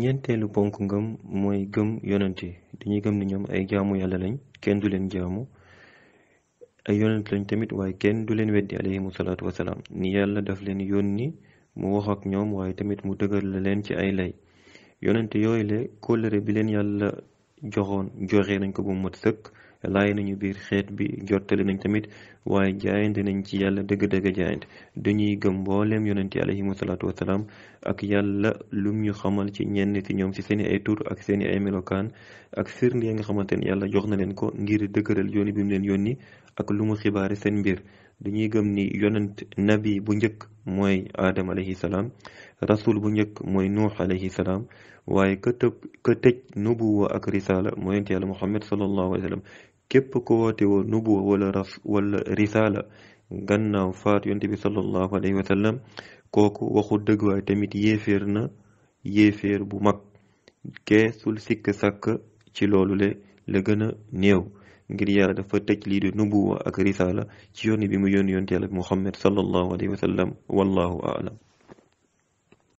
ñeenteelu ponk ngëm mooy gëm yonente dañuy gëm ne ñoom ay jaamu yàlla lañ kenn du leen jaamu ay yonent lañ tamit waaye kenn du leen weddi alayhimu salaatu wasalaam ni yàlla daf leen yónni mu wax ak ñoom waaye tamit mu dëgër la leen ci ay lay yonente yooyu le kóllëre bi leen yàlla joxoon joxe nañ ko bu mat sëkk laay nañu biir xeet bi jottali nañ tamit waaye jaayante nañ ci yàlla dëgg-dëgg jaayante dañuy gëm mbooleem yonente alayhim wasalaatu wasalaam ak yàlla lum ñu xamal ci ñenn ci ñoom ci seeni ay tur ak seeni ay melokaan ak firnde nga xamante ne yàlla jox na leen ko ngir dëgëral yooni bi mu leen yónni ak lu mu xibaare seen mbir dañuy gëm ni yonent nabi bu njëkk mooy aadam alayhi salaam rasul bu njëkk mooy nuux alayhi salaam waaye ka tëb ka tëj nubuwa ak risaala mooy yonent yàlla muhammad sallallahu alayhi wa sallam képp ko woote woo nubuwa wala ras wala risaala gannaaw faat yonte bi sallallahu alayhi wa kooku waxu dëgg waaye tamit yéeféer na yéeféer bu mag keesul sikk sakk ci loolu le la gën a néew ngir yàlla dafa tëj lii di nubuwa ak risaala ci yoon bi mu yónni yonte yàlla bi muhammad sallallahu alayhi wa sallam aalam